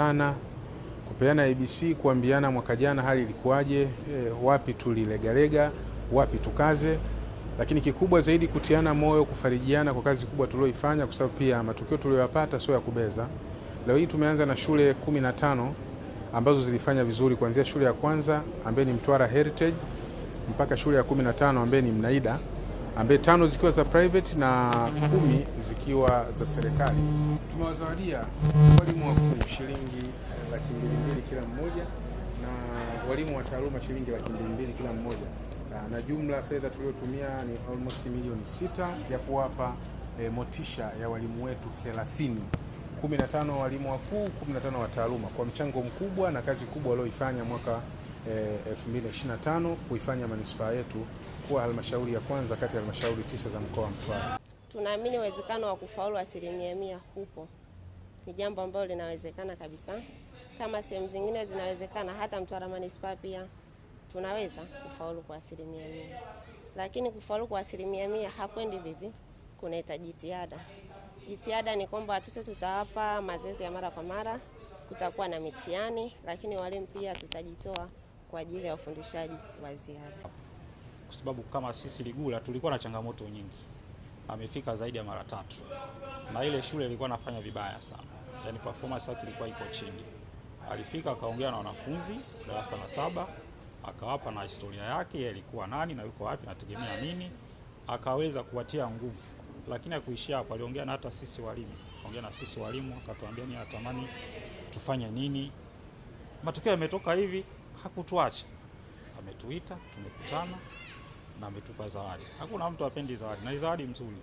Sana kupeana ABC kuambiana mwaka jana hali ilikuwaje, e, wapi tulilegalega, wapi tukaze, lakini kikubwa zaidi kutiana moyo, kufarijiana kwa kazi kubwa tulioifanya, kwa sababu pia matukio tuliyoyapata sio ya kubeza. Leo hii tumeanza na shule 15 ambazo zilifanya vizuri kuanzia shule ya kwanza ambaye ni Mtwara Heritage mpaka shule ya 15 ambaye ni Mnaida ambaye tano zikiwa za private na kumi zikiwa za serikali. Tumewazawadia walimu wakuu shilingi eh, laki mbili mbili kila mmoja na walimu wa taaluma shilingi laki mbili mbili kila mmoja, ah, na jumla fedha tuliotumia ni almost milioni sita ya kuwapa e, motisha ya walimu wetu 30 15 walimu wakuu 15 wa taaluma kwa mchango mkubwa na kazi kubwa walioifanya mwaka 2025 eh, e, kuifanya manispaa yetu kuwa halmashauri ya kwanza kati ya halmashauri tisa za mkoa wa Mtwara. Tunaamini uwezekano wa kufaulu asilimia mia hupo, ni jambo ambalo linawezekana kabisa. Kama sehemu zingine zinawezekana, hata Mtwara manispaa pia tunaweza kufaulu kwa asilimia mia, lakini kufaulu kwa asilimia mia hakwendi vipi, kunahitaji jitihada. Jitihada ni kwamba watoto tutawapa mazoezi ya mara kwa mara, kutakuwa na mitihani, lakini walimu pia tutajitoa kwa ajili ya ufundishaji wa ziada kwa sababu kama sisi Ligula tulikuwa na changamoto nyingi. Amefika zaidi ya mara tatu, na ile shule ilikuwa nafanya vibaya sana, yani performance yake ilikuwa iko chini. Alifika akaongea na wanafunzi darasa la saba, akawapa na historia yake, yeye alikuwa nani na yuko wapi, nategemea nini, akaweza kuwatia nguvu, lakini akuishia hapo. Aliongea na hata sisi walimu, akaongea na sisi walimu, akatuambia ni atamani tufanye nini. Matokeo yametoka hivi, hakutuacha ametuita, tumekutana na ametupa zawadi. Hakuna mtu apendi zawadi na zawadi mzuri.